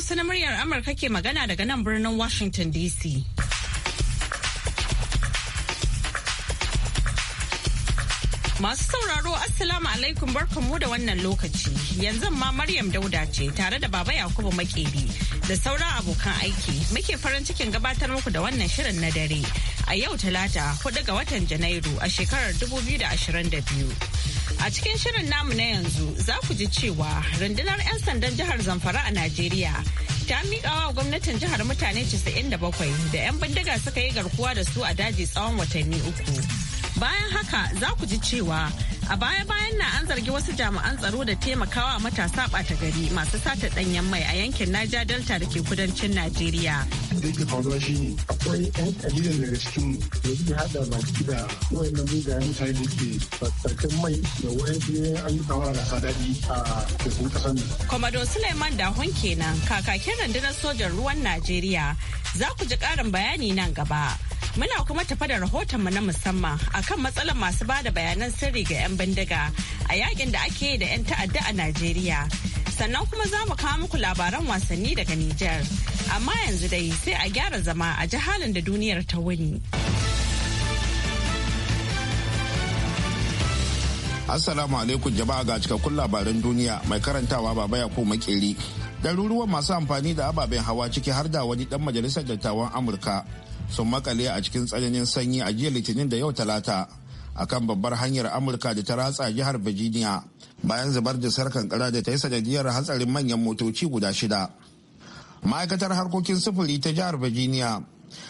Hausa na muryar Amurka ke magana daga nan birnin Washington DC. Masu sauraro Assalamu alaikum barkanmu da wannan lokaci. Yanzu ma Maryam Dauda ce tare da Baba Yakubu makebi da sauran abokan aiki muke farin cikin gabatar muku da wannan shirin na dare a yau talata 4 ga watan Janairu a shekarar 2022. A cikin shirin namu na yanzu za ku ji cewa rundunar 'yan sandan jihar Zamfara a Najeriya ta miƙa wa gwamnatin jihar mutane 97 da 'yan bindiga suka yi garkuwa da su a daji tsawon watanni uku. Bayan haka za ku ji cewa A baya-bayan na an zargi wasu jami'an tsaro da taimakawa matasa ɓata gari masu sata ɗanyen mai a yankin Naja Delta da ke kudancin Najeriya. Duk da faruwa shi ne akwai 'yan kalilan daga cikin da suke haɗa baki da wayannan mugayen mutane da ke tsarkin mai da wayan an fiye ayyuka marasa daɗi a tekun ƙasar nan. Komodo Suleiman Dahon kenan kakakin rundunar sojan ruwan Najeriya. Za ku ji ƙarin bayani nan gaba. Muna kuma tafa da mu na musamman akan matsalar masu ba da bayanan sirri ga 'yan bindiga a yakin da ake da 'yan ta'adda a Najeriya. Sannan kuma za mu kawo muku labaran wasanni daga Nijar. Amma yanzu dai sai a gyara zama a halin da duniyar ta wuni. Assalamu alaikum jama'a ga cikakkun labaran duniya mai karantawa baba ya ko makeri. Daruruwan masu amfani da ababen hawa ciki har da wani dan majalisar dattawan Amurka sun makale a cikin tsananin sanyi a jiya litinin da yau talata a kan babbar hanyar amurka da ta ratsa jihar virginia bayan zubar da sarkan kara da ta yi sanadiyar hatsarin manyan motoci guda shida ma'aikatar harkokin sufuri ta jihar virginia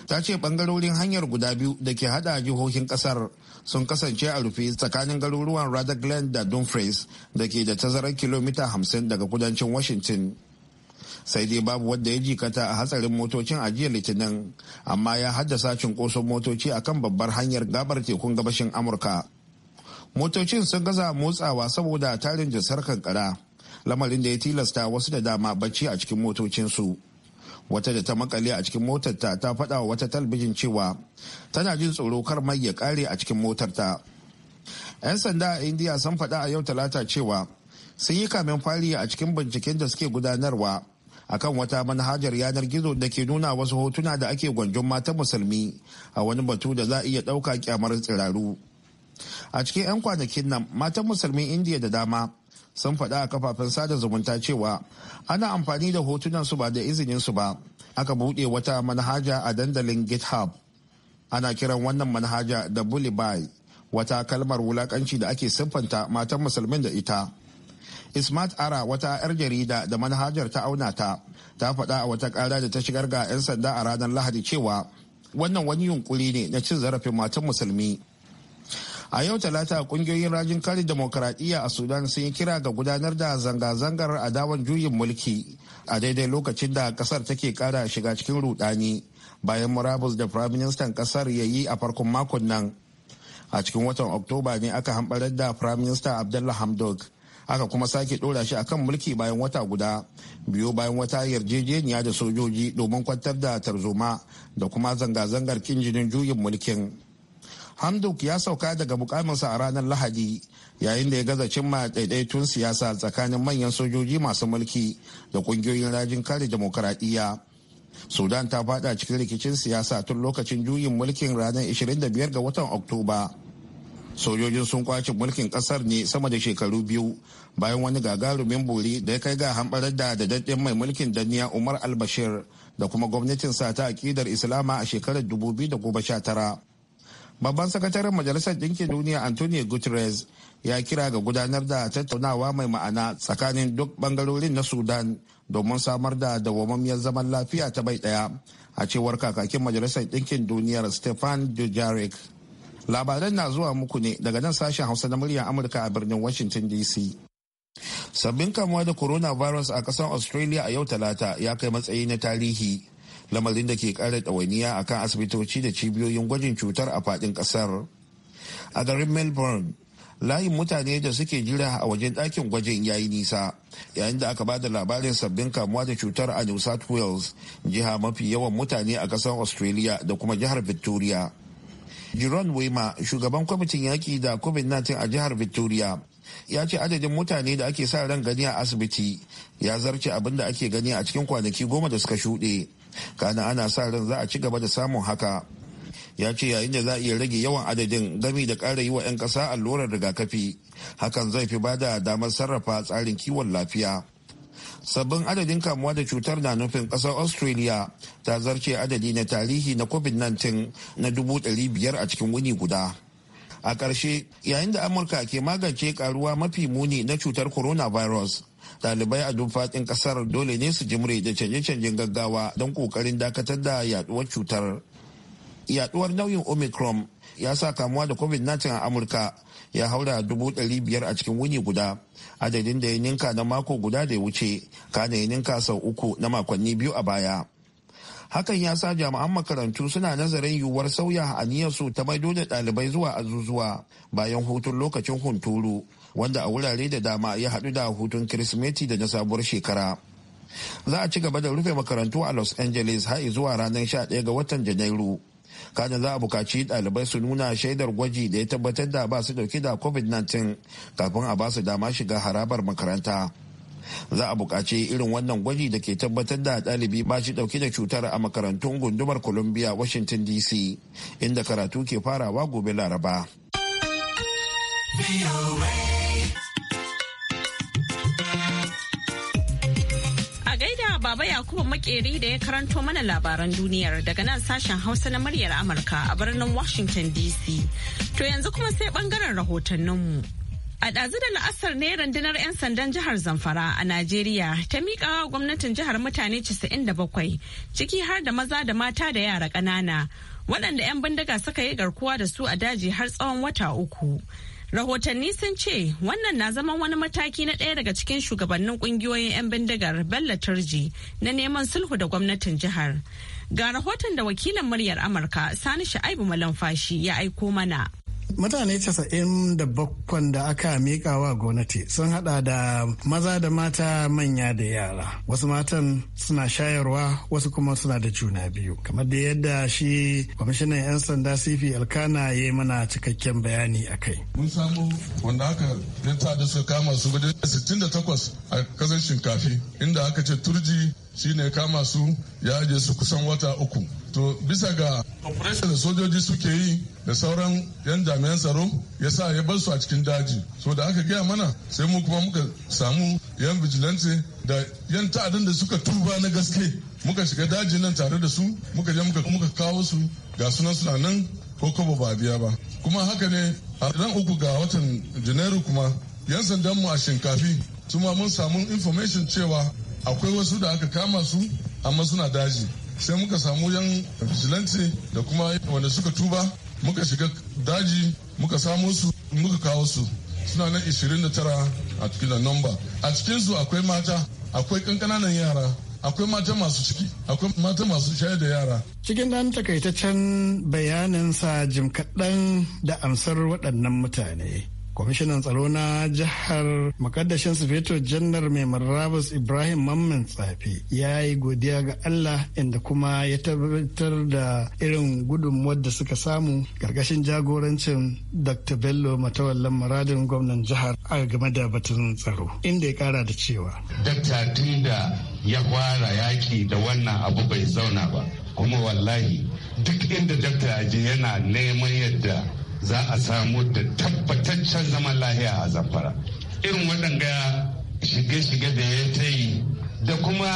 ta ce bangarorin hanyar guda biyu da ke hada jihohin kasar sun kasance a rufe tsakanin garuruwan radar glen da dumfries da ke da tazarar kilomita 50 daga kudancin washington sai dai babu wanda ya jikata a hatsarin motocin a litinin amma ya haddasa cunkoson motoci akan babbar hanyar gabar tekun gabashin amurka motocin sun gaza motsawa saboda tarin jisar kankara lamarin da ya tilasta wasu da dama bacci a cikin motocinsu wata da ta makale a cikin motarta ta faɗa wa wata talbijin cewa tana jin tsoro kar mai ya kare a cikin motarta 'yan sanda a indiya sun faɗa a yau talata cewa sun yi kamen fari a cikin binciken da suke gudanarwa akan wata manhajar yanar gizo da ke nuna wasu hotuna da ake gwanjon mata musulmi a wani batu da za a iya ɗauka kyamar tsiraru a cikin 'yan kwanakin nan matan musulmin indiya da dama sun faɗa a kafafen sada zumunta cewa ana amfani da hotunan su ba da izinin su ba aka buɗe wata manhaja a dandalin github ana kiran wannan manhaja da bulibai wata kalmar wulakanci da ake siffanta matan musulmin da ita Ismat Ara wata 'yar jarida da manhajar ta auna ta ta faɗa a wata ƙara da ta shigar ga 'yan sanda a ranar Lahadi cewa wannan wani yunkuri ne na cin zarafin matan musulmi. A yau talata kungiyoyin rajin kare demokradiyya a Sudan sun yi kira ga gudanar da zanga-zangar adawan juyin mulki a daidai lokacin da kasar take kara shiga cikin rudani bayan murabus da firaministan kasar ya yi a farkon makon nan. A cikin watan Oktoba ne aka hambarar da firaminista Abdullah Hamdok aka kuma sake ɗora shi akan mulki bayan wata guda biyo bayan wata yarjejeniya da sojoji domin kwantar da tarzoma da kuma zanga-zangar kinjinin juyin mulkin hamduk ya sauka daga mukaminsa a ranar lahadi yayin da ya gaza cimma daidaitun siyasa tsakanin manyan sojoji masu mulki da kungiyoyin rajin kare demokaradiyya sudan ta fada cikin rikicin siyasa tun lokacin juyin mulkin ranar 25 ga watan oktoba sojojin sun kwace mulkin kasar ne sama da shekaru biyu bayan wani gagarumin bori da ya kai ga hambarar da dadaddin mai mulkin daniya umar albashir da kuma gwamnatin sa ta akidar islama a shekarar 2019 babban sakataren majalisar ɗinkin duniya antonio guterres ya kira ga gudanar da tattaunawa mai ma'ana tsakanin duk bangarorin na sudan domin samar da dawwammamiyar zaman lafiya ta bai daya a cewar kakakin majalisar ɗinkin duniyar stefan dujarric labaran na zuwa muku ne daga nan sashen hausa na murya amurka a birnin washington dc sabbin kamuwa da coronavirus a ƙasar australia a yau talata ya kai matsayi na tarihi lamarin da ke kara ɗawainiya a kan asibitoci da cibiyoyin gwajin cutar a faɗin ƙasar a garin melbourne layin mutane da suke jira a wajen dakin gwajin yayi nisa yayin da aka bada labarin sabbin kamuwa da cutar a new south wales jiha mafi yawan mutane a ƙasar australia da kuma jihar victoria jiron Wema, shugaban kwamitin yaƙi da COVID-19 a jihar Victoria, ya ce adadin mutane da ake sa ran gani a asibiti ya zarce abin da ake gani a cikin kwanaki goma da suka shuɗe. Kana ana sa ran za a ci gaba da samun haka. ya ce yayin da za a iya rage yawan adadin gami da ƙara yi wa 'yan ƙasa allurar rigakafi hakan zai fi bada damar sarrafa tsarin kiwon lafiya sabbin adadin kamuwa da cutar na nufin kasar australia ta zarce adadi na tarihi na covid-19 na dubu biyar a cikin wuni guda a ƙarshe yayin da amurka ke magance karuwa mafi muni na cutar coronavirus ɗalibai a duk faɗin ƙasar dole ne su jimre da canje-canjen gaggawa don ƙoƙarin dakatar da yaduwar cutar yaduwar nauyin omicron ya sa kamuwa da covid-19 a amurka ya haura dubu ɗari biyar a cikin wuni guda adadin da ya ninka na mako guda da ya wuce kana ya ninka sau uku na makonni biyu a baya hakan ya sa jami'an makarantu suna nazarin yiwuwar sauya aniyarsu ta maido da ɗalibai zuwa azuzuwa bayan hutun lokacin hunturu wanda a wurare da dama ya haɗu da hutun kirsimeti da na sabuwar shekara za a ci gaba da rufe makarantu a los angeles har zuwa ranar 11 ga watan janairu Kada za a bukaci ɗalibai su nuna shaidar gwaji da ya tabbatar da ba su dauki da covid-19 kafin a ba su dama shiga harabar makaranta za a bukaci irin wannan gwaji da ke tabbatar da ɗalibi ba shi ɗauke da cutar a makarantun gundumar columbia washington dc inda karatu ke farawa gobe laraba Baba Yakubu Makeri da ya karanto mana labaran duniyar daga nan sashen Hausa na muryar Amurka a birnin Washington DC. To yanzu kuma sai bangaren mu. A ɗazu da la'asar ne rundunar 'yan sandan jihar Zamfara a Najeriya ta miƙawa gwamnatin jihar mutane 97 ciki har da maza da mata da yara ƙanana waɗanda 'yan bindiga suka yi garkuwa da su a daji har tsawon wata uku. Rahotanni sun ce wannan na zama wani mataki na ɗaya daga cikin shugabannin ƙungiyoyin 'yan bindigar Bello Turji na neman sulhu da gwamnatin jihar. Ga rahoton da wakilin muryar Amurka Sani Sha'ibu Malamfashi ya aiko mana. mutane 97 da aka mika wa gwamnati sun hada da maza da mata manya da yara wasu matan suna shayarwa wasu kuma suna da juna biyu kamar da yadda shi kwamishinan 'yan sanda cp alkana ya yi mana cikakken bayani a kai mun samu wanda aka yanta da suka kama su gudun 68 a kasar shinkafi inda aka ce turji shine kama su ya aje su kusan wata uku to bisa ga operation da sojoji suke yi da sauran yan jami'an tsaro ya sa ya bar su a cikin daji so da aka gaya mana sai mu kuma muka samu yan vigilante da yan ta'adin da suka tuba na gaske muka shiga daji nan tare da su muka je muka kawo su ga sunan suna nan ko kuma ba biya ba kuma haka ne a ran uku ga watan janairu kuma yan sandanmu a shinkafi su ma mun samu information cewa akwai wasu da aka kama su amma suna daji sai muka samu yan vigilante da kuma wanda suka tuba muka shiga daji muka samu su muka kawo su suna na 29 a cikin nomba a cikinsu akwai mata akwai kankananan yara akwai mata masu ciki akwai mata masu shayar da yara cikin dan takaitaccen sa jim kaɗan da amsar waɗannan mutane kwamishinan tsaro na jihar makaddashin sufeto janar mai marabus ibrahim mamman tsafi ya yi godiya ga allah inda kuma ya tabbatar da irin gudunmuwar da suka samu karkashin jagorancin dr bello matawallan muradin gwamnan jihar a game da batun tsaro inda ya kara da cewa tun da ya fara yaki da wannan abu bai zauna ba kuma wallahi duk inda dakta aji yana neman yadda za a samu da tabbataccen zaman lahiya a zamfara irin waɗanga shige-shige da ya ta yi da kuma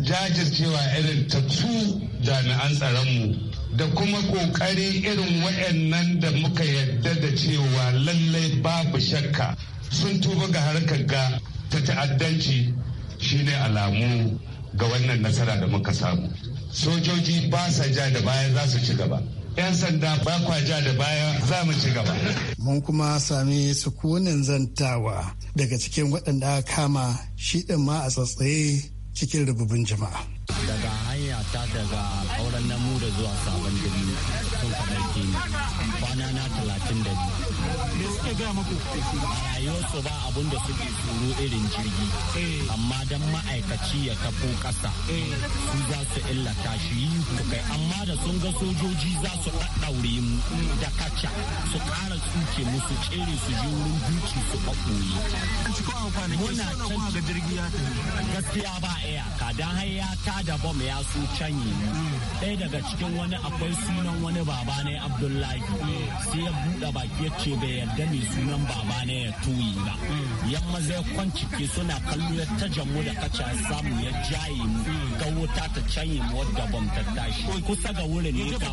jajircewa irin ta su jami'an tsaronmu da kuma ƙoƙari irin waɗannan da muka yarda da cewa lallai babu shakka sun tuba ga harkar ga ta ta'addanci shine alamu ga wannan nasara da muka samu sojoji ba sa ja da baya za su ci gaba 'yan sanda ba kwa ja da baya za mu ci gaba. Mun kuma sami sukunin zantawa daga cikin waɗanda kama shi ɗin ma a tsatsaye cikin rububin jama'a. Daga hanya ta daga auren namu da zuwa sabon jini sun jini kwana na talatin da biyu. nake gaya maku a yau ba abun da suke tsoro irin jirgi eh. amma dan ma'aikaci ya tafo kasa eh. su za su illata shi yi kai amma da sun ga sojoji za su ɗaɗɗaure mu da kaca su ƙara tsuke musu tsere su ji wurin duki su ɓaɓɓoye. Muna can jirgi ya gaskiya ba iyaka don har ya ta da bom ya so canye hmm. ɗaya daga cikin wani akwai sunan wani baba ne Abdullahi hmm. sai ya buɗe baki ya ce bai yarda mai sunan baba na ya tuyi ba yamma zai kwancike suna kallo ya ta jamu da kaca samu ya jaye mu ga wuta ta canye mu wadda ban ta tashi kusa ga wurin ne ka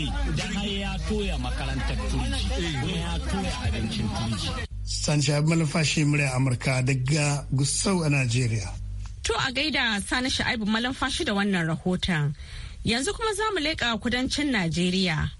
eh dan har ya toya makarantar turji eh. Kuma ya toya abincin turji Sani Shahab Malafashi murya Amurka daga Gusau a Najeriya. To a gaida Sani Sha'ibu Malafashi da wannan rahoton. Yanzu kuma za mu leƙa kudancin Najeriya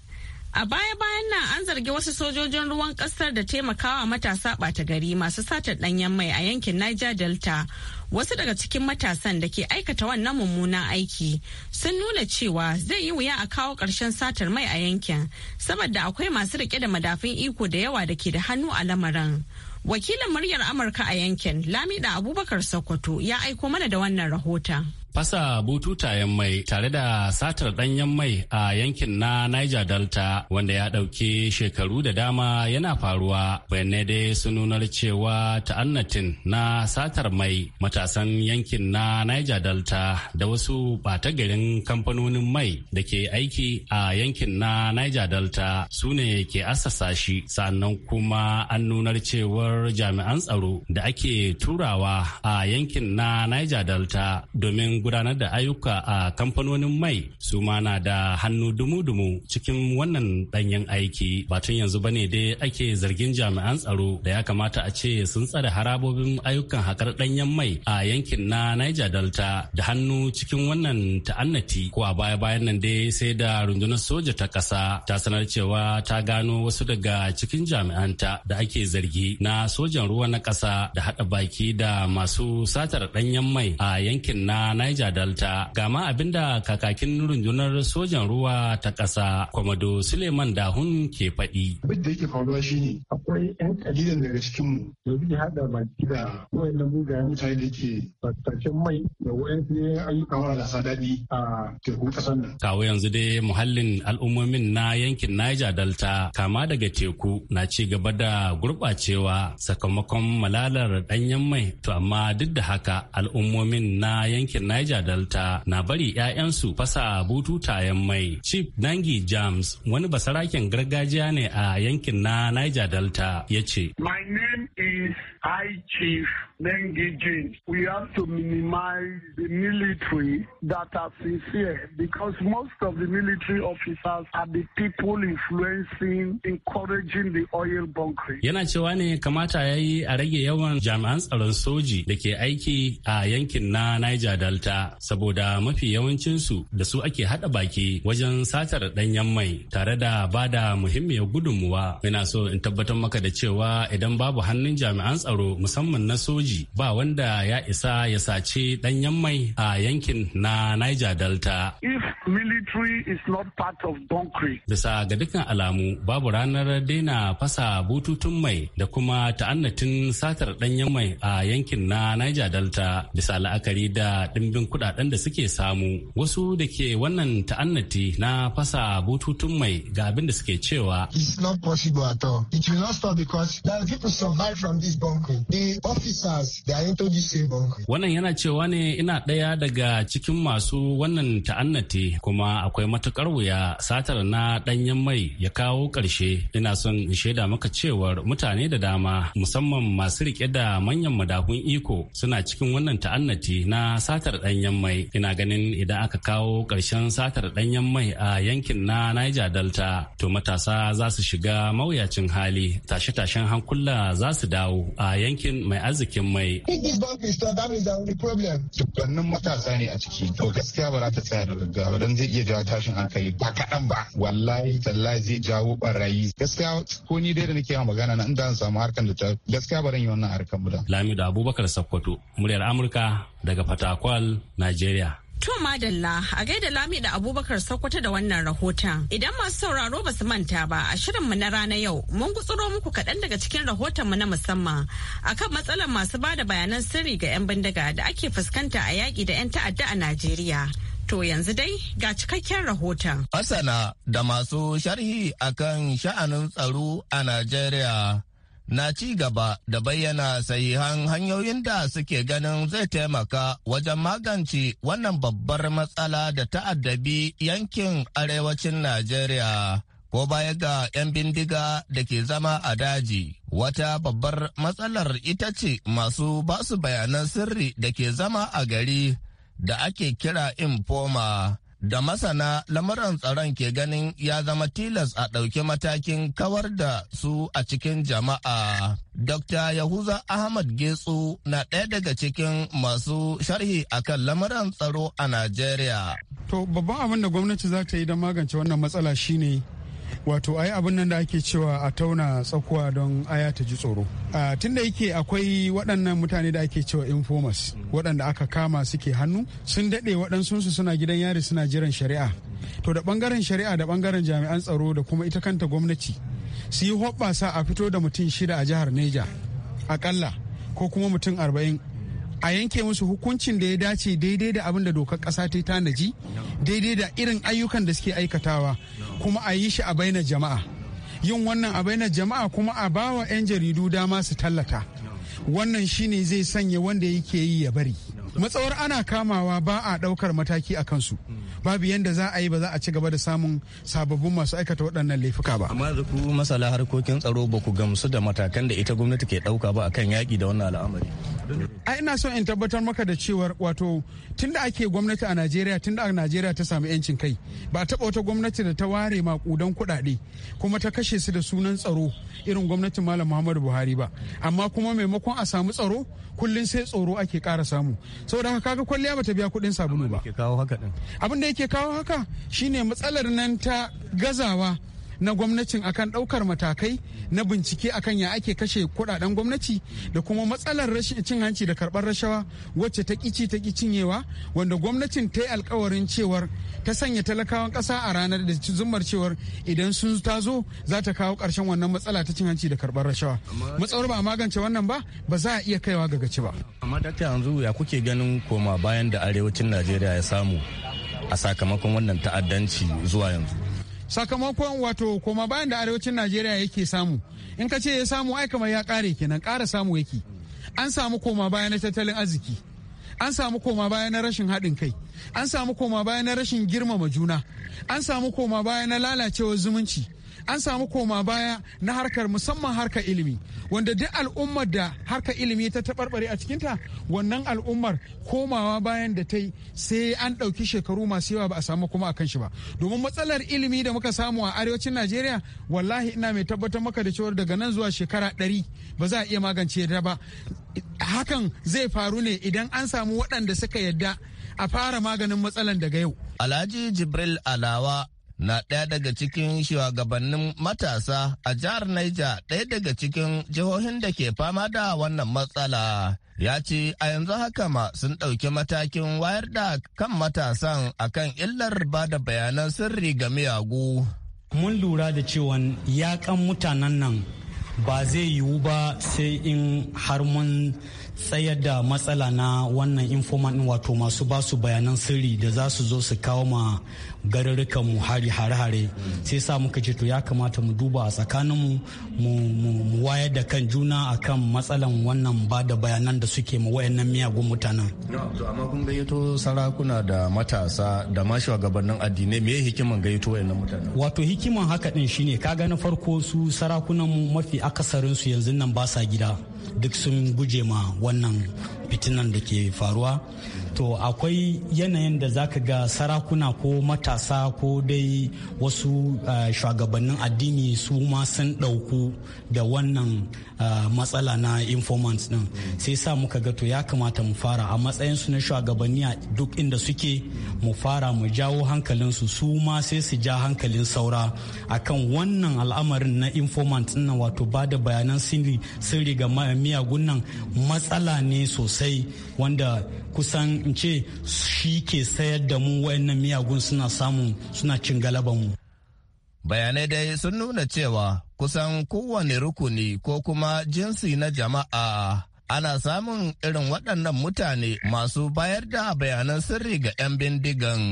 A baya-bayan nan an zargi wasu sojojin ruwan kasar da taimakawa matasa ɓata gari masu satar ɗanyen mai a yankin Niger Delta. Wasu daga cikin matasan da ke aikata wannan mummunan aiki sun nuna cewa zai yi wuya a kawo ƙarshen satar mai a yankin, saboda akwai masu riƙe da madafin iko da yawa da ke da hannu a lamarin. Wakilin muryar Amurka a yankin, Lamida Abubakar Sokoto, ya aiko mana da wannan rahoton. Fasa bututayen mai tare da satar ɗanyen mai a yankin na Niger Delta wanda ya ɗauki shekaru da dama yana faruwa bayanai dai su nunar cewa ta'annatin na satar mai matasan yankin na Niger Delta da wasu ɓata garin kamfanonin mai da ke aiki a yankin na Niger Delta su ne ke assasa shi sannan kuma an nunar cewar jami'an tsaro da ake turawa a yankin na Niger Delta domin gudanar da ayyuka a kamfanonin mai su ma na da hannu dumu-dumu cikin wannan danyen aiki ba batun yanzu ba ne dai ake zargin jami'an tsaro da ya kamata a ce sun tsare harabobin ayyukan hakar danyen mai a yankin na Niger Delta da hannu cikin wannan ta'annati ko a baya-bayan nan dai sai da rundunar soja ta kasa ta sanar cewa ta gano wasu daga cikin jami'anta da ake zargi na sojan ruwa na ƙasa da haɗa baki da masu satar danyen mai a yankin na Niger Delta. Gama abinda kakakin rundunar sojan ruwa ta ƙasa Kwamado Suleiman Dahun ke faɗi. Abin da yake faruwa ne akwai 'yan kalilan daga mu da suke hada baki da wayannan mugayen mutane da ke tattakin mai da wayansu ayyukan marasa daɗi a tekun ƙasar nan. Kawo yanzu dai muhallin al'ummomin na yankin Niger Delta kama daga teku na ci gaba da gurɓacewa sakamakon malalar ɗanyen mai to amma duk da haka al'ummomin na yankin Niger Niger Delta na bari 'ya'yansu fasa bututayen mai. Chief Nangi James wani basaraken gargajiya ne a yankin na Niger Delta ya ce. My name High Chief Nengi We have to minimize the military that are sincere because most of the military officers are the people influencing, encouraging the oil bunkering. Yana cewa ne kamata ya yi a rage yawan jami'an tsaron soji da ke aiki a yankin na Niger Delta saboda mafi yawancinsu da su ake haɗa baki wajen satar danyen mai tare da bada muhimmiyar gudunmuwa. Yana so in tabbatar maka da cewa idan babu hannun jami'an tsaron. tsaro musamman na soji ba wanda ya isa ya sace danyen mai a yankin na Niger Delta. If military is not part of Bisa ga dukkan alamu babu ranar daina fasa bututun mai da kuma ta'annatin satar danyen mai a yankin na Niger Delta bisa la'akari da ɗimbin kudaden da suke samu. Wasu da ke wannan ta'annati na fasa bututun mai ga abin da suke cewa. It's not possible at all. It will not stop because there are people survive from this bomb The officers da are into Wannan yana cewa ne ina ɗaya daga cikin masu wannan ta'annati kuma akwai matukar wuya satar na ɗanyen mai ya kawo ƙarshe. Ina son in shaida maka cewar mutane da dama musamman masu rike da manyan madafun iko suna cikin wannan ta'annati na satar ɗanyen mai. Ina ganin idan aka kawo ƙarshen satar ɗanyen mai a yankin na Niger Delta to matasa za su shiga mawuyacin hali tashe-tashen hankula za su dawo a a yankin mai arzikin mai. Dukkanin matasa ne a ciki. To gaskiya ba za ta tsaya da gaggawa don zai iya jawo tashin hankali ba kaɗan ba. Wallahi tallahi zai jawo barayi. Gaskiya ko ni dai da nake yawan magana na inda samu harkan da ta gaskiya ba yi wannan harkan mu da. Lamido Abubakar Sakkwato, muryar Amurka daga Fatakwal, Najeriya. To Madalla a gaida Lami da Abubakar Sokoto da wannan rahoton. Idan masu sauraro ba su manta ba a shirinmu na rana yau mun gutsuro muku kaɗan daga cikin rahotonmu na musamman akan matsalar masu ba da bayanan sirri ga 'yan bindiga da ake fuskanta a yaƙi da 'yan ta'adda a Najeriya. To yanzu dai ga cikakken rahoton. Masana da masu sharhi akan sha'anin tsaro a Najeriya na ci gaba da bayyana sahihan hanyoyin da suke ganin zai taimaka wajen magance wannan babbar matsala da ta'addabi yankin arewacin Najeriya. Ko baya ga 'yan bindiga da ke zama a daji, wata babbar matsalar ita ce masu basu bayanan sirri da ke zama a gari da ake kira infoma. da masana lamuran tsaron ke ganin ya zama tilas a ɗauki matakin kawar da su a cikin jama'a. Dr. Yahuza Ahmad Getsu na ɗaya daga cikin masu sharhi akan lamuran tsaro a Najeriya. To babban abin da gwamnati za ta yi don magance wannan matsala shine wato ayi abin nan da ake cewa a tauna tsakuwa don aya ta ji tsoro tunda yake akwai waɗannan mutane da ake cewa informers waɗanda aka kama suke hannu sun daɗe waɗansu su suna gidan yari suna jiran shari'a to da ɓangaren shari'a da ɓangaren jami'an tsaro da kuma ita kanta gwamnati su yi hoɓɓasa a fito da mutum shida a jihar neja akalla ko kuma mutum arba'in a yanke musu hukuncin da ya dace daidai da abin da dokar kasa ta tanaji daidai da irin ayyukan da suke aikatawa kuma a yi shi a baina jama'a yin wannan a baina jama'a kuma a bawa 'yan jaridu dama su tallata wannan shine zai sanya wanda yake yi ya bari matsawar ana kamawa ba a daukar mataki a kansu babu yadda za a yi ba za a ci gaba da samun sababbin masu aikata waɗannan laifuka ba amma da ku masala harkokin tsaro ba ku gamsu da matakan da ita gwamnati ke ɗauka ba akan yaƙi da wannan al'amari a ina so in tabbatar maka da cewar wato tunda ake gwamnati a najeriya tunda a najeriya ta samu yancin kai ba taɓa wata gwamnati da ta ware makudan kudade kuma ta kashe su da sunan tsaro irin gwamnatin malam muhammadu buhari ba amma kuma maimakon a samu tsaro kullum sai tsoro ake kara samu saboda haka kaga kwalliya bata biya kuɗin sabulu ba abin da yake kawo haka shine matsalar nan ta gazawa na gwamnatin akan ɗaukar matakai na bincike akan ya ake kashe kuɗaɗen gwamnati da kuma matsalar rashin cin hanci da karbar rashawa wacce ta ƙici ta cinyewa wanda gwamnatin ta yi alkawarin cewar ta sanya talakawan ƙasa a ranar da zummar cewar idan sun ta zo za ta kawo ƙarshen wannan matsala ta cin hanci da karɓar rashawa matsalar ba a magance wannan ba ba za a iya kaiwa ga gaci ba amma dakta yanzu ya kuke ganin koma bayan da arewacin najeriya ya samu a sakamakon wannan ta'addanci zuwa yanzu sakamakon wato koma bayan da arewacin najeriya yake samu in ka ce ya samu ai kamar ya kare kenan kara samu yake an samu koma baya na tattalin arziki an samu koma baya na rashin haɗin kai an samu koma baya na rashin girmama juna an samu koma baya na lalacewar zumunci an samu koma baya na harkar musamman harkar ilimi wanda duk al'ummar da harkar ilimi ta taɓarɓare a cikinta wannan al'ummar komawa bayan da ta yi sai an ɗauki shekaru masu yawa ba a samu kuma a kan shi ba domin matsalar ilimi da muka samu a arewacin najeriya wallahi ina mai tabbatar maka da cewar daga nan zuwa shekara ɗari ba za a iya magance da ba hakan zai faru ne idan an samu waɗanda suka yadda a fara maganin matsalar daga yau. Alhaji Jibril Alawa na ɗaya daga cikin shugabannin matasa a jihar Niger ɗaya daga cikin jihohin da ke fama da wannan matsala. Ya ce a yanzu haka ma sun ɗauki matakin wayar da kan matasan akan illar ba da bayanan sirri ga miyagu. Mun lura da cewa yakan mutanen nan ba zai yiwu ba sai in har mun tsayar da matsala na wannan informant wato masu basu bayanan sirri da za su zo su kawo ma garurrukan mu hari hare-hare sai sa muka ce to ya kamata mu duba a tsakanin mu mu wayar da kan juna akan matsalan wannan ba da bayanan da suke ma wayannan miyagun mutanen to amma kun gayyato sarakuna da matasa da ma shugabannin addinai me hikiman gayyato wayannan mutanen wato hikiman haka din shine kaga na farko su sarakunan mu mafi akasarin su yanzu nan ba sa gida duk sun guje ma wannan fitinan da ke faruwa to akwai yanayin da zaka ga sarakuna ko matasa ko dai wasu eh, shugabannin addini su ma sun ɗauku da wannan eh, matsala na informants din sai sa muka ga to ya kamata mu fara a matsayin su na shugabanni a duk inda suke mu fara mu jawo hankalinsu su su ma sai su ja hankalin saura akan wannan al'amarin na informant nan wato ba da bayanan sirri ga miyagun nan matsala ne sosai sosai wanda kusan in ce shi ke sayar da mu wayannan miyagun suna samun suna cin galaban mu bayanai dai sun nuna cewa kusan kowane rukuni ko kuma jinsi na jama'a ana samun irin waɗannan mutane masu bayar da bayanan sirri ga 'yan bindigan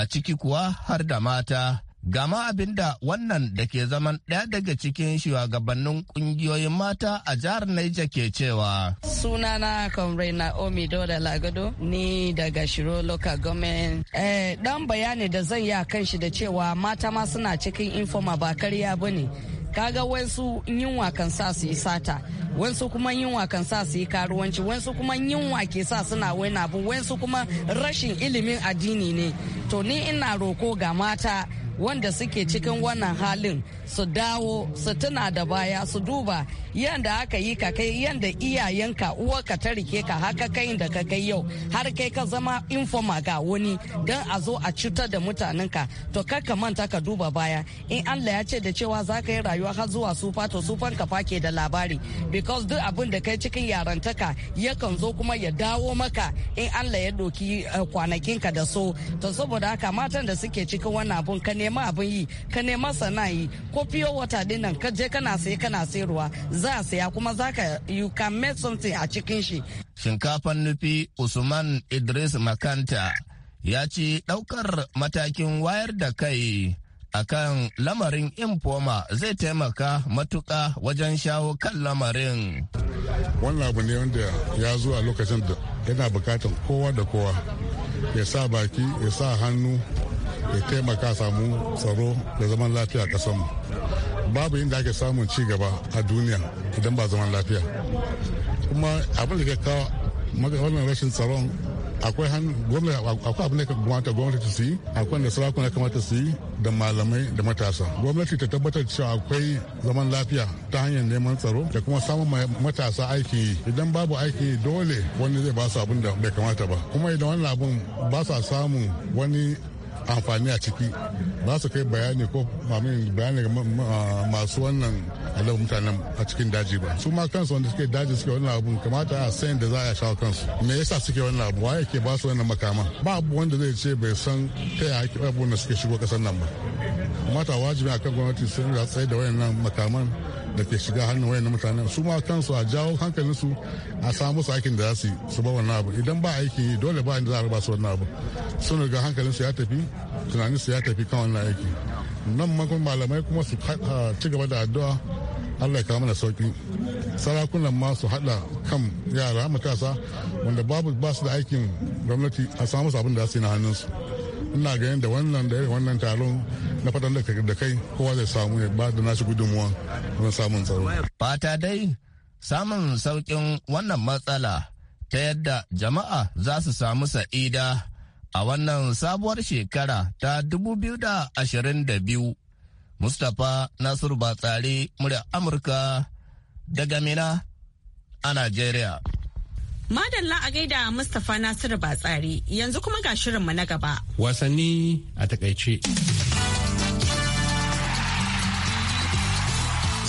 a ciki kuwa har da mata Gama abinda wannan da ke zaman ɗaya daga cikin shugabannin ƙungiyoyin mata a jihar Niger ke cewa. Sunana Comrade Naomi Doda Lagado ni daga Shiro Local Government. Eh, dan bayani da zan yi a kan shi da cewa mata ma suna cikin informa ba karya ba ne. kaga wasu yin wakan sa su yi sata wasu kuma yin wakan sa su yi karuwanci wasu kuma yin wake sa suna wani abu wasu kuma rashin ilimin addini ne to ni ina roko ga mata wanda suke cikin wannan halin su dawo su tuna da baya su duba yadda aka yi ka kai yanda iyayenka uwarka ta rike ka haka kai da ka kai yau har kai ka zama informa ga wani don a zo a cutar da mutanenka to ka manta ka duba baya in Allah ya ce da cewa za ka yi rayuwa har zuwa sufa to sufan ka fake da labari because duk abin da kai cikin yarantaka yakan zo kuma ya dawo maka in Allah ya doki eh, kwanakin ka da so to saboda haka matan da suke cikin wannan abun ka nema abin yi ka nema sana'a yi ko pure water din nan ka je kana sai kana sayarwa za a saya kuma za ka you can make something a cikin shi. Shinkafan nufi Usman Idris Makanta ya ce ɗaukar matakin wayar da kai akan lamarin infoma zai taimaka matuka wajen shawo kan lamarin. Wannan abu ne wanda ya zo a lokacin da yana bukatan kowa da kowa ya sa baki ya sa hannu ya taimaka samu tsaro da zaman lafiya a mu babu inda ake samun ci gaba a duniya idan ba zaman lafiya kuma abin da ke kawo wannan rashin tsaron akwai abin da kamata gwamnati su yi akwai da sarakuna kamata su yi da malamai da matasa gwamnati ta tabbatar cewa akwai zaman lafiya ta hanyar neman tsaro da kuma samun matasa aiki idan babu aiki dole wani zai ba su abin da bai kamata ba kuma idan wannan abin ba sa samun wani amfani a ciki ba su kai bayani ko bayani masu wannan alau mutanen a cikin daji ba su ma kansu wanda suke daji suke wannan abun kamata a sayin da za a shawo kansu me yasa suke wannan abu waye ke ba su wannan makama ba abu wanda zai ce bai san ta yaya ake abubuwan da suke shigo kasar nan ba mata wajibi akan gwamnati sun ratsai da wayannan makaman da ke shiga hannun wayan mutanen su ma kansu a jawo hankalinsu a samu su aikin da za su su ba wannan abu idan ba aiki dole ba inda za a ba su wannan abu sun riga hankalinsu ya tafi tunaninsu ya tafi kan wannan aiki nan makon malamai kuma su ci gaba da addu'a allah ya kawo mana sauki sarakunan ma su hada kan yara matasa wanda babu ba su da aikin gwamnati a samu abin da su yi na hannunsu ina ganin da wannan da wannan taron na fatan da kai kowa zai samu ya ba da nasu gudunmuwa don samun tsaro fata dai samun saukin wannan matsala ta yadda jama'a za su samu sa'ida a wannan sabuwar shekara ta 2022 mustapha nasiru batsari murya amurka daga mina a najeriya Madalla a gaida Mustapha Nasiru Batsari yanzu kuma ga shirinmu na gaba. Wasanni a takaice.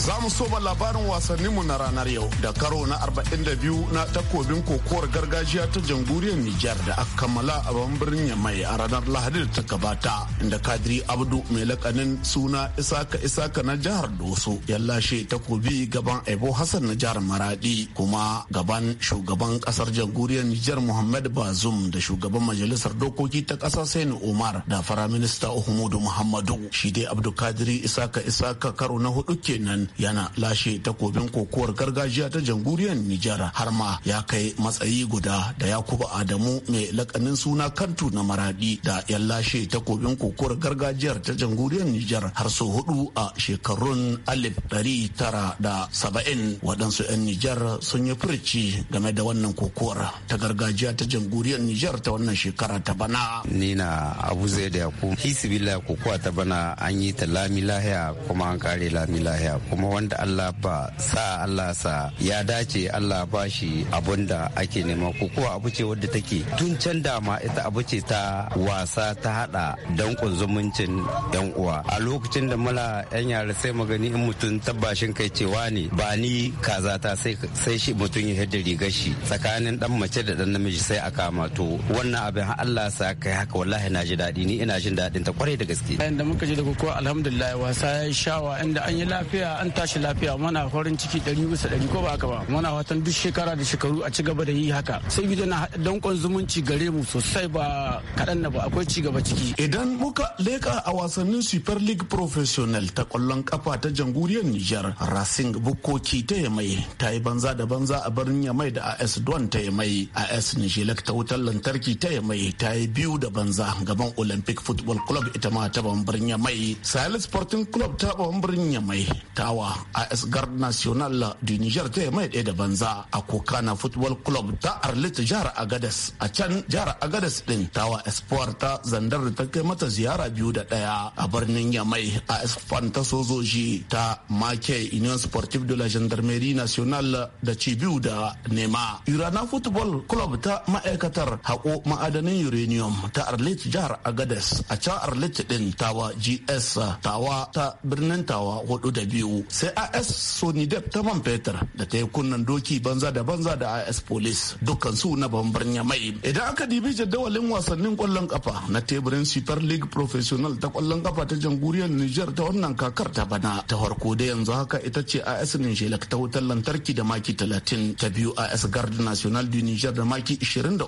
Za mu soba labarin mu na ranar yau da karo na 42 na takobin kokowar gargajiya ta jamhuriyar Nijar da aka kammala a birnin Yamai a ranar Lahadi da ta gabata inda Kadiri Abdu mai lakanin suna Isaka Isaka na jihar Doso ya lashe takobi gaban Ebo Hassan na jihar Maradi kuma gaban shugaban kasar jamhuriyar Nijar Muhammad Bazum da shugaban majalisar dokoki ta kasa Sani Umar da Firaminista Uhumudu Muhammadu shi dai Abdu Kadiri Isaka Isaka karo na hudu kenan yana lashe takobin kokowar gargajiya ta jamhuriyar Nijar har ma ya kai matsayi guda da Yakubu Adamu mai lakanin suna Kantu na Maradi da ya lashe takobin kokowar gargajiyar ta jamhuriyar Nijar har sau hudu a shekarun alif dari tara da saba'in waɗansu 'yan Nijar sun yi furci game da wannan kokowar ta gargajiya ta jamhuriyar Nijar ta wannan shekara ta bana. Ni na Abu Zai da Yakubu. Hisibila kokowa ta bana an yi ta lami lahiya kuma an kare lami lahiya kuma kuma wanda Allah ba sa Allah sa ya dace Allah ba shi abun da ake nema ko kuwa abu ce wadda take tun can dama ita abu ce ta wasa ta hada dankon zumuncin yan uwa a lokacin da mala yan yara sai magani in mutum tabbashin kai cewa ne ba ni kaza ta sai shi mutum ya hidda rigar shi tsakanin dan mace da dan namiji sai a kama to wannan abin Allah sa kai haka wallahi na ji daɗi ni ina jin daɗin ta kwarai da gaske. Yayin da muka ji da kuwa alhamdulillah wasa ya shawa inda an yi lafiya an tashi lafiya muna farin ciki ɗari bisa ɗari ko ba haka ba muna fatan duk shekara da shekaru a ci gaba da yi haka sai bi na dankon zumunci gare mu sosai ba kaɗan na ba akwai ci gaba ciki. Idan muka leka a wasannin Super League Professional ta kwallon kafa ta jamhuriyar Nijar Racing Bukkoki ta Yamai ta yi banza da banza a birnin Yamai da AS Don ta Yamai AS Nijilak ta wutar lantarki ta Yamai ta yi biyu da banza gaban Olympic Football Club ita ma ta ban birnin Yamai Sahel Sporting Club ta ban birnin Yamai ta A a asgar National du Niger ta mai ɗaya da banza a Kokana Football Club ta Arlit jihar agadas a can jihar agadas din tawa Espoir ta zandar da ta kai mata ziyara biyu da ɗaya a birnin Yamai a Fan ta sojoji ta Make Union Sportive de la Gendarmerie Nationale da ci da nema. Irana Football Club ta ma'aikatar haƙo ma'adanin uranium ta Arlit jihar agadas a can Arlit din tawa GS tawa ta birnin tawa hudu da biyu sai as sonidep ta man fetur da ta yi kunnan doki banza da banza da as police dukkan su na bambar mai idan aka dibi jadawalin wasannin kwallon kafa na teburin super league professional ta kwallon kafa ta jamhuriyar niger ta wannan kakar ta bana ta farko da yanzu haka ita ce as nishelak ta wutar lantarki da maki 30 ta biyu as Garde national du niger da maki 23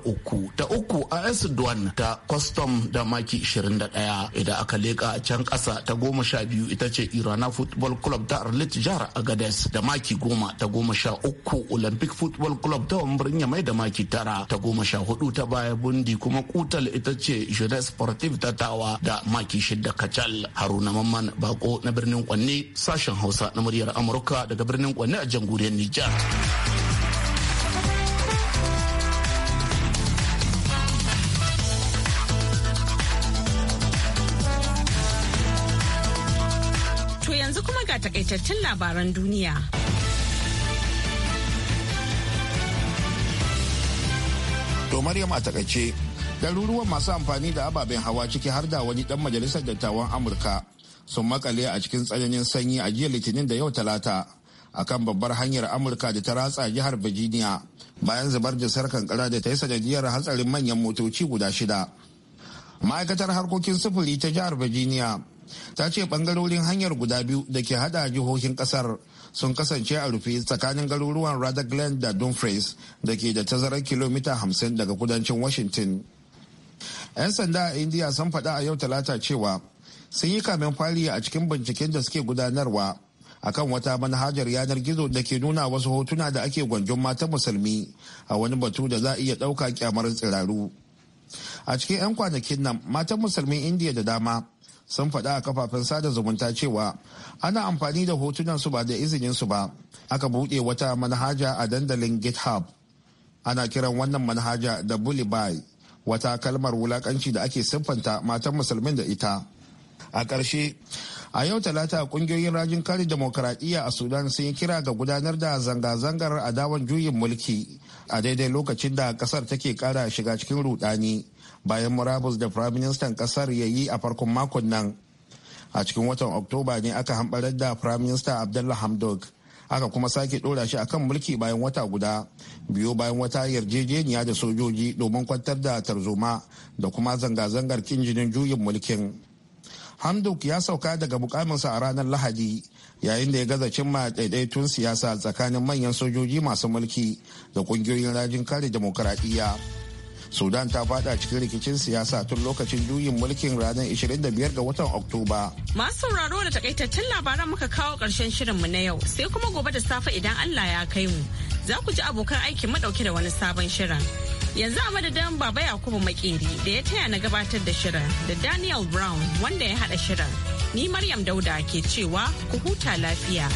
ta uku as duwan ta custom da maki 21 idan aka leka can kasa ta goma sha biyu ita ce irana football club ta arlit jihar agades da maki goma ta goma sha uku olympic football club ta wambarin ya mai da maki tara ta goma sha hudu ta baya bundi kuma kutal ita ce jeunesse sportive ta tawa da maki shidda kacal haruna mamman bako na birnin kwanne sashen hausa na muryar amurka daga birnin kwanne a jamhuriyar nijar takaitattun labaran duniya. To Maryam a takaice, daruruwan masu amfani da ababen hawa ciki har da wani dan majalisar dattawan Amurka sun makale a cikin tsananin sanyi a jiya litinin da yau talata akan babbar hanyar Amurka da ta ratsa jihar Virginia bayan zubar da sarkan kara da ta yi sanadiyar hatsarin manyan motoci guda shida. Ma'aikatar harkokin sufuri ta jihar Virginia ta ce bangarorin hanyar guda biyu da ke hada jihohin kasar sun kasance a rufe tsakanin garuruwan Radagland da Dumfries da ke da tazarar kilomita 50 daga kudancin Washington. 'Yan sanda a India sun faɗa a yau talata cewa sun yi kamen fari a cikin binciken da suke gudanarwa kan wata manhajar yanar gizo da ke nuna wasu hotuna da ake gwanjon mata musulmi a wani batu da za a iya ɗauka kyamar tsiraru. A cikin 'yan kwanakin nan matan musulmin Indiya da dama sun faɗa a kafafen sada zumunta cewa ana amfani da hotunan su ba da izinin su ba aka buɗe wata manhaja a dandalin github ana kiran wannan manhaja da bulibai wata kalmar wulakanci da ake siffanta matan musulmin da ita a ƙarshe a yau talata ƙungiyoyin rajin kare demokaradiyya a sudan sun yi kira ga gudanar da zanga-zangar adawan juyin mulki a daidai lokacin da ƙasar take kara shiga cikin rudani bayan murabus da firaministan kasar ya yi a farkon makon nan a cikin watan oktoba ne aka hambarar da firaminista abdullah hamdok aka kuma sake dora shi akan mulki bayan wata guda biyu bayan wata yarjejeniya da sojoji domin kwantar da tarzoma da kuma zanga-zangar kinjinin juyin mulkin hamduk ya sauka daga mukaminsa a ranar lahadi yayin da ya gaza cimma daidaitun siyasa tsakanin manyan sojoji masu mulki da kungiyoyin rajin kare demokuraɗiyya sudan ta fada cikin rikicin siyasa tun lokacin juyin mulkin ranar 25 ga watan oktoba masu sauraro da takaitattun labaran muka kawo karshen shirinmu na yau sai kuma gobe da safe idan allah ya kai mu za ku ji abokan aikin madauke da wani sabon shirin yanzu a madadin baba yakubu makeri da ya taya na gabatar da shirin da daniel brown wanda ya hada shirin ni maryam dauda ke cewa ku huta lafiya